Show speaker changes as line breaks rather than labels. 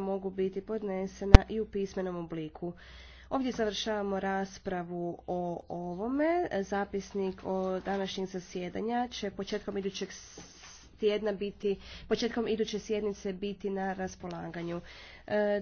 mogu biti podnesena i u pismenom obliku. Ovdje završavamo raspravu o ovome. Zapisnik o današnjih zasjedanja će početkom idućeg tjedna biti, početkom iduće sjednice biti na raspolaganju.
E,